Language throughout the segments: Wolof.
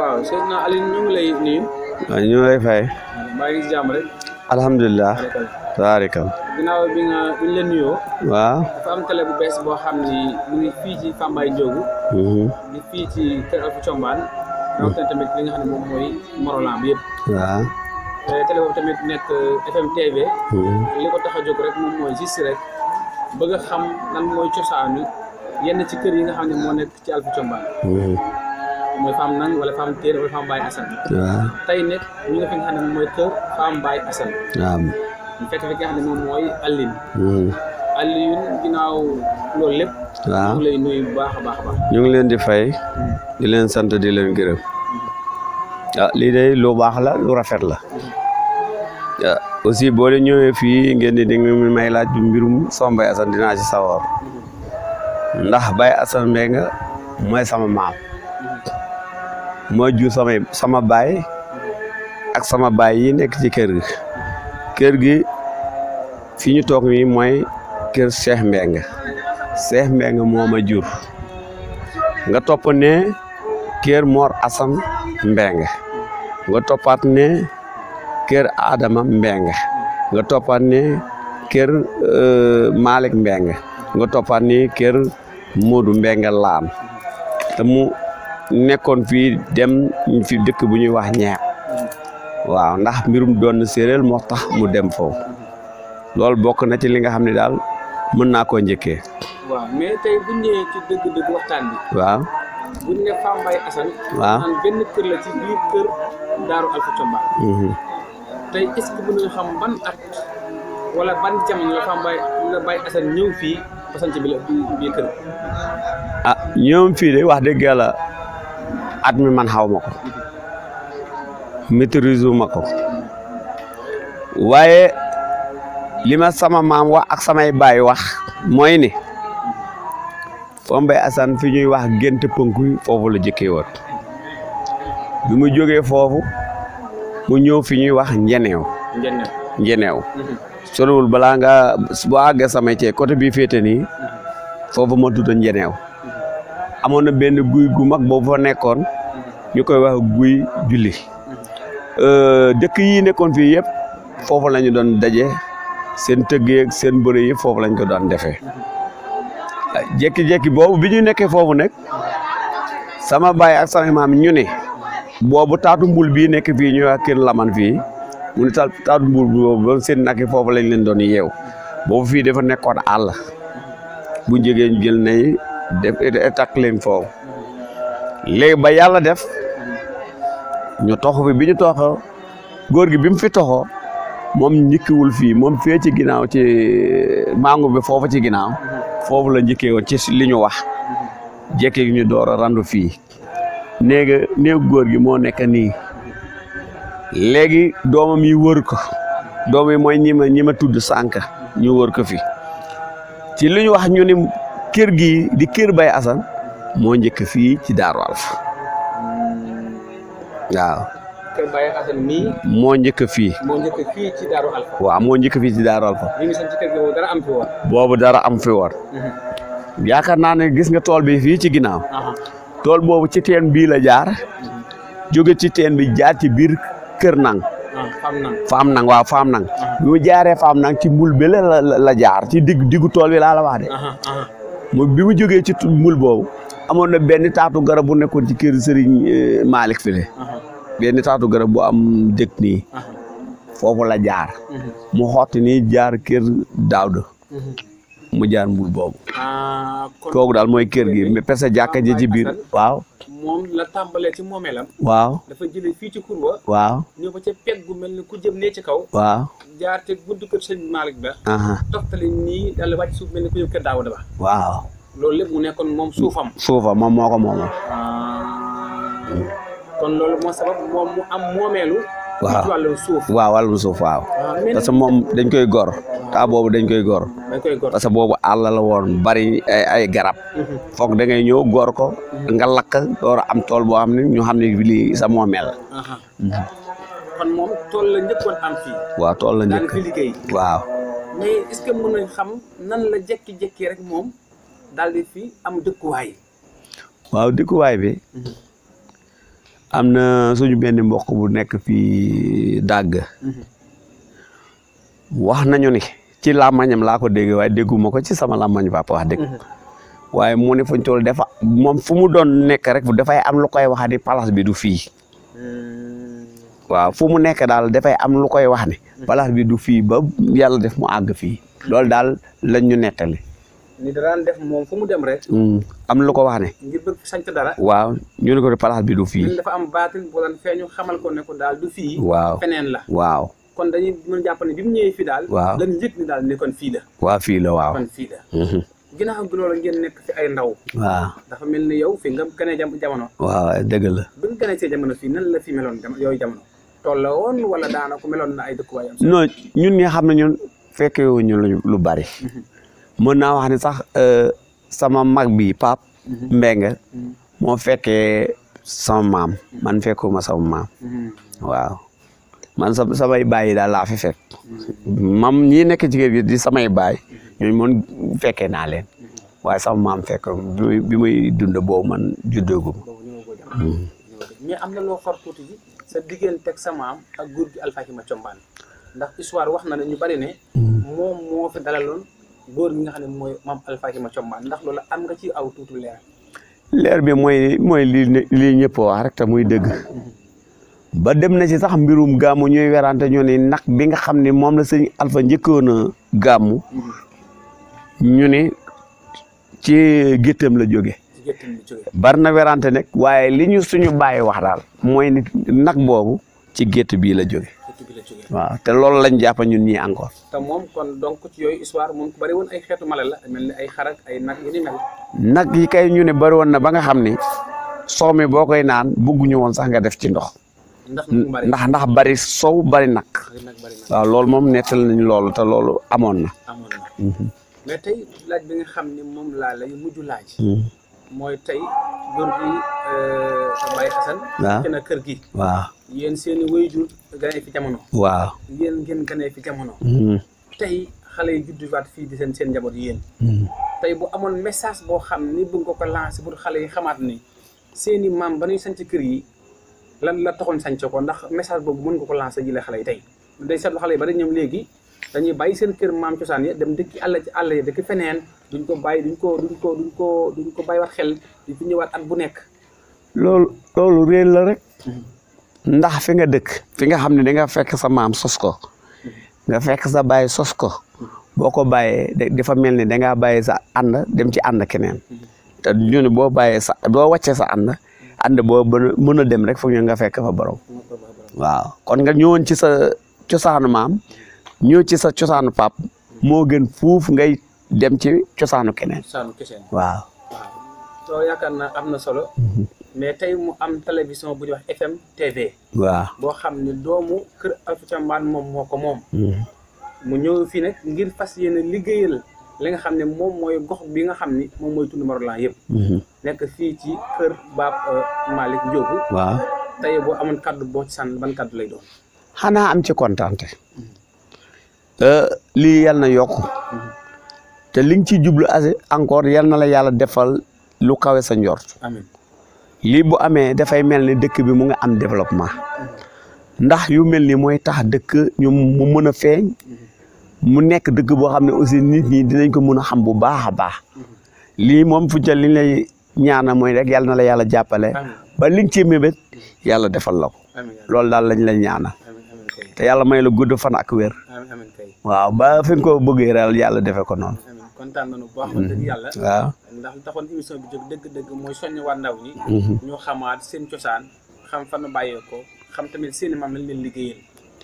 waaw Seydina Alioune ñu lay nuyu. ñu lay fay. maa ngi si jàmm rek. alhamdulilah. tabaarikal. ginnaaw bi nga bi ñu la nuyoo. waaw. dafa bu bees boo xam ni mu ngi fii ci Fambaye Ndiogu. Mm-hmm. di fii ci Kër Alfu Combaan. rawatina tamit li nga xam ne mooy Morolan yëpp. waaw. télé tamit nekk eh, FM TV. Mm-hmm. li ko tax a jóg rek moom mooy juste rek bëgg xam nan mooy cosaanu yenn ci kër yi xam ne moo nekk ci Alfu Combaan. Mm-hmm. mooy Fam Nang wala Fam Téere ñu nga fi nga mooy kër Fam Baye Assane. waaw nga xam ne moom mooy Alioune. Alioune hmm. ginnaaw loolu lépp. waaw ñu ngi leen di fay. di leen sant di leen gërëm. ah lii de lu baax la lu rafet la. Hmm. Ah, aussi boole leen ñëwee fii ngeen di dégg may laaj mbirum sama Baye Assane dinaa ci sawar hmm. ndax Baye Assane Mbengue mooy sama maam mo ju sama sama baay ak sama baay yi nek ci kër gi kër gi fiñu tok toog moy kër Cheikh Mbengue Cheikh Mbengue moma jur nga top ne kër Mor asam Mbengue nga topat ne kër Adama Mbengue nga topat ne kër euh, malik nga topat ne kër Modou Lam te nekkoon fii dem fi dëkk bu ñuy wax ñeer waaw ndax mbirum doon na séeréer moo tax mu dem foofu loolu bokk na ci li nga xam ne daal mën naa koo njëkkee. mais tey bu ñëwee kër Daaru Alfouta Mbaye. Mhm. tey est-ce que mën ban at wala ban jamono la Pape Mbaye ñëw fii ba sant bi la biir ah, de wax dëgg yàlla. at mi man xaw ma ko maîtrise ma ko waaye li ma sama maam wax ak samay baay wax mooy ni ne Fombe Assane fi ñuy wax gént pënkuy foofu la jëkkee woon bi mu jógee foofu mu ñëw fi ñuy wax njeneew njeneew mhm. soriwul balaa nga boo àggee sama cee côté bii féete nii foofu ma tudd njeneew amoon na benn guy gu mag boobu fa nekkoon ñu koy wax guy julli euh, dëkk yi nekkoon fii yëpp foofu la doon daje seen tëgg yeeg seen bëre yi foofu lañ ko doon defee jekki-jekki boobu bi ñu nekkee foofu nag sama baay ak sama maam ñu ne boobu taatu mbul bii nekk fii ñu wax laman fii mu ne taatu mbul boobu seen nag yi foofu lañ leen doon yeew boobu fii dafa nekkoon àll bu njëgee jël nay def takk leen foofu léegi ba yàlla def ñu toxu fi bi ñu toxoo góor gi bi mu fi toxoo moom njëkkiwul fii moom fee ci ginnaaw ci mango bi foofu ci ginnaaw foofu la njëkkee woon ci li ñu wax jékki gi ñu door a randu fii néeg néegu góor gi moo nekk nii léegi doomam yi wër ko doom yi mooy ñi ma ñi ma tudd sànq ñu wër ko fi ci li wax ñu ni kër gi di kër bay Assane moo njëkk fii ci Darou Alpha waaw. moo njëkk fii. njëkk fii ci Darou Alpha. waaw dara am fi woon. boobu dara am fi mhm. yaakaar naa ne gis nga tool bi fii ci ginnaaw. tool boobu ci teen bii la jaar. Mhm. jóge ci teen bi jaar ci biir kër nang ah, faam nan waaw faam nang bi mu jaaree faam nang ci mbul bi la jaar ci digg diggu tool bi laa la de moom bi mu jógee ci mul boobu amoon na benn taatu garab bu nekkoon ci kër Serigne eh, Malick file benn taatu garab bu am dëkk nii foofu la jaar mu xotti ni jaar kër Daawda mu jaar mbul boobu ah, kooku daal mooy kër gi mais parce que jàkka ji ci biir ah, waaw moom la tàmbalee ci moomeelam. waaw dafa jëlee fii ci kurwa. waaw ñëw ba ca peggu mel ni ku jëm nee ci kaw. waaw jaar te gudd kër sëñ Malick Ba. toftale nii daal wàcc suuf mel ni ku jëm kër Daawuda Ba. waaw loolu lépp mu nekkoon moom suufam. suufam moom moo ko moomoon. Ah. kon loolu moo sabab moom mu am moomeelu. waaw waaw wàllum suuf waaw ah, parce moom dañ koy gor taa boobu dañ koy gor parce que boobu àll la woon bari ay garab mhm. foog da ngay ñëw gor ko mhm. nga lakk door a am tool boo xam ne ñu xam ne lii sa moo mhm. tool la njëkkoon waaw tool la njëkk waaw waaw dëkkuwaay bi am na suñu benn mbokk bu nekk fii dàgg wax nañu ni ci làmmañam laa ko dégg waaye dégguma ko ci sama làmmañ papa wax dégg waaye mu ne fañ tool dafa moom fu mu doon nekk rek dafay am lu koy wax ni place bi du fii waaw fu mu nekk daal dafay am lu koy wax ni place bi du fii ba yàlla def mu àgg fii loolu daal lañ ñu nettali ni daan def moom fu mu dem rek. Hmm. am lu ko wax ne. dara. waaw ñu ne ko palaas bi du fii. dafa am baatin bu leen feeñu xamal ko ne ko daal du fii. waaw feneen la waaw. kon dañuy mën jàpp ne bi mu daal. waaw lan njëkk daal ne fii la. waaw fii waaw kon fii la. Mhm. ginnaaw bi loolu ngeen nekk ci ay ndaw. waaw mel ni yow fi nga gënee jamono. waaw dëgg la. bi nga gënee fii nan la fi meloon yooyu jamono. tolloo woon wala daanaka meloon na ay dëkkuwaayam. non ñun ñi xam ne ñun fekkee woon ñu lu bari. Mhm. mëna wax sah sax euh, sama mag bi pap mhm. Mbengue mo mhm. féké sama mam man ma sama mam mhm. waaw man sama sama baay yi da fi fék mam ñi nekk ci gëb gi di samay baay ñu mon féké na leen way sama mam fék bi muy dund bo man juddooguma ñi am na loo xor tuti ji sa digganteeg sama mam ak góor gi Alpha Hima ndax histoire wax na ñu bari ne mom mo fi dalalon góor gi nga mooy maam Alpha Hima Thiombane ndax loolu am ci aw leer. bi mooy mooy lii lii ñëpp wax rek te muy dëgg. ba dem na ci sax mbirum gàmmu ñuy werante ñu ne nag bi nga xam ni moom la sëñ Alpha njëkkoon a ñu ni ci géttam la jóge bar na werante nag waaye li ñu suñu bàyyi wax daal mooy nit nag boobu ci gétt bii la jóge dëkk bi waaw te loolu lañ jàpp ñun ñii encore. te moom kon donc ci yooyu histoire moom ku bëri woon ay xeetu mala la mel ni ay xarak ay nag yu ni yi kay ñu ne bëri woon na ba nga xam ni soow mi boo koy naan bëgguñu woon sax nga def ci ndox. ndax ndax ndax bari soow bari nag. waaw loolu moom nettal nañ loolu te loolu amoon na. amoon na mhm. mais tey laaj bi nga xam ni mhm. euh, waaw. Yen seen wayjur gane fi jamono waaw yéen ngeen gane fi jamono hmm. tay xalé yi wat fi di seen seen njaboot hmm tay bu amoon message bo xamni ni ngoko lancer bu xalé pour yi xamaat ni seeni mam ba ñuy sanc kër yi lan la taxoon sanc ko ndax message bobu mën ngoko lancer ji yi day seetlu xalé yi bari ñoom dañuy bàyyi seen kër mam ciosan ya dem dekk Allah ci Allah ya dekk feneen duñ ko bàyyi duñ ko duñ ko duñ ko duñ ko wat xel di fi ñewat at bu nek loolu loolu reel la rek hmm. ndax fi nga dëkk fi nga xam ne da nga fekk sa maam sos ko nga fekk sa baay sos ko boo ko bàyyee dafa mel ni da ngaa bàyyi sa ànd dem ci ànd keneen te ñu boo bàyyee sa boo wàccee sa ànd ànd boo mën a dem rek foog nga fekk fa borom waaw kon nga ñëwoon ci sa cosaanu maam ñëw ci sa cosaanu pap moo gën fuuf ngay dem ci cosaanu keneen. waaw. waaw mais tey mu am télévision bu ñuy wax FM TV. boo xam ne doomu kër Alpha Thiamane moom moo ko moom. Hmm. mu ñëw fii nag ngir fas yéene liggéeyal li nga xam ne moom mooy gox bi nga xam ni moom mooy tund Marolan yëpp. Hmm. nekk fii ci kër Baab euh, Malick Ndiogou. waaw tey boo amoon kaddu boo ci sànn ban kaddu lay doon. xanaa am ci kontaante. Euh, lii yal na yokk. Hmm. te li nga ciy jublu as encore yal na la yàlla defal lu kawe sa njort. lii bu amee dafay mel ni dëkk bi mu ngi am développement ndax yu mel ni mooy tax dëkk ñu mu mën a feeñ mu nekk dëkk boo xam ne aussi nit ñi dinañ ko mën a xam bu baax a baax lii moom fu ca li lay ñaana mooy rek yàlla na la yàlla jàppale ba liñ ci mébét yàlla defal la ko loolu daal lañ la ñaana te yàlla may la gudd fan ak wér waaw ba fi nga ko bëggee daal yàlla defe ko noonu kontaan nañu bu baax mhm. wax dëgg yàlla waaw ndax lu taxoon bi jóg dëgg-dëgg mooy soññiwaat ndaw ñi mhm. ñu xamaat seen cosaan xam fan bàyyee ko xam tamit seen i maam leen liggéeyal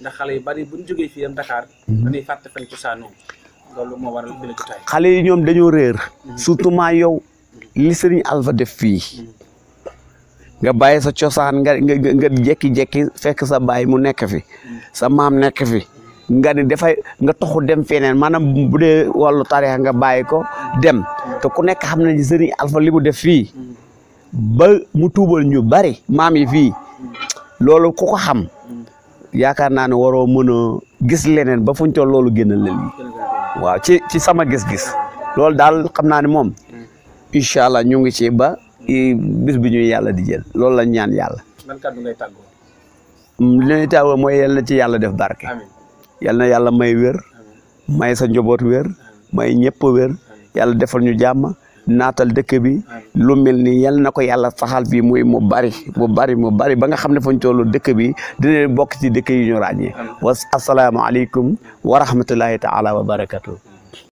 ndax xale yu bari buñ jógee fii am Dakar mhm. dañuy fàtte fan cosaanoo loolu moo waral bi xale yi ñoom dañoo réer surtout maa yow li sëriñ Alpha def fii nga bàyyi sa cosaan nga nga nga jekki-jekki fekk sa baay mu nekk fi sa maam nekk fi nga ni defay nga taxu dem fenen manam budé walu wàllu nga bayiko dem te ku nek xamna ni serigne Alpha limu def fi ba mu tuubal ñu bari maam yi fii loolu ku ko xam yaakar naa ne waroo mën gis lenen ba fuñ tol lolu gënal leen waaw ci ci sama gis-gis lolu dal xamna ni mom inshallah allah ñu ngi ci ba bis bi ñuy yalla di jël lolu la ñaan yàlla. lan kàddu ngay taggo mm, lay ñuy moy yalla ci yalla def barke. amin yal na yàlla may wér may sa njoboot wér may ñëpp wér yàlla defal ñu jàmm naatal dëkk bi lu mel ni yal na ko yàlla saxal fii muy mu bari mu bari mu bari ba nga xam ne fañ tollu dëkk bi dina bokk ci dëkk yu ñu ràññee wa asalaamaaleykum wa rahmatullahi taala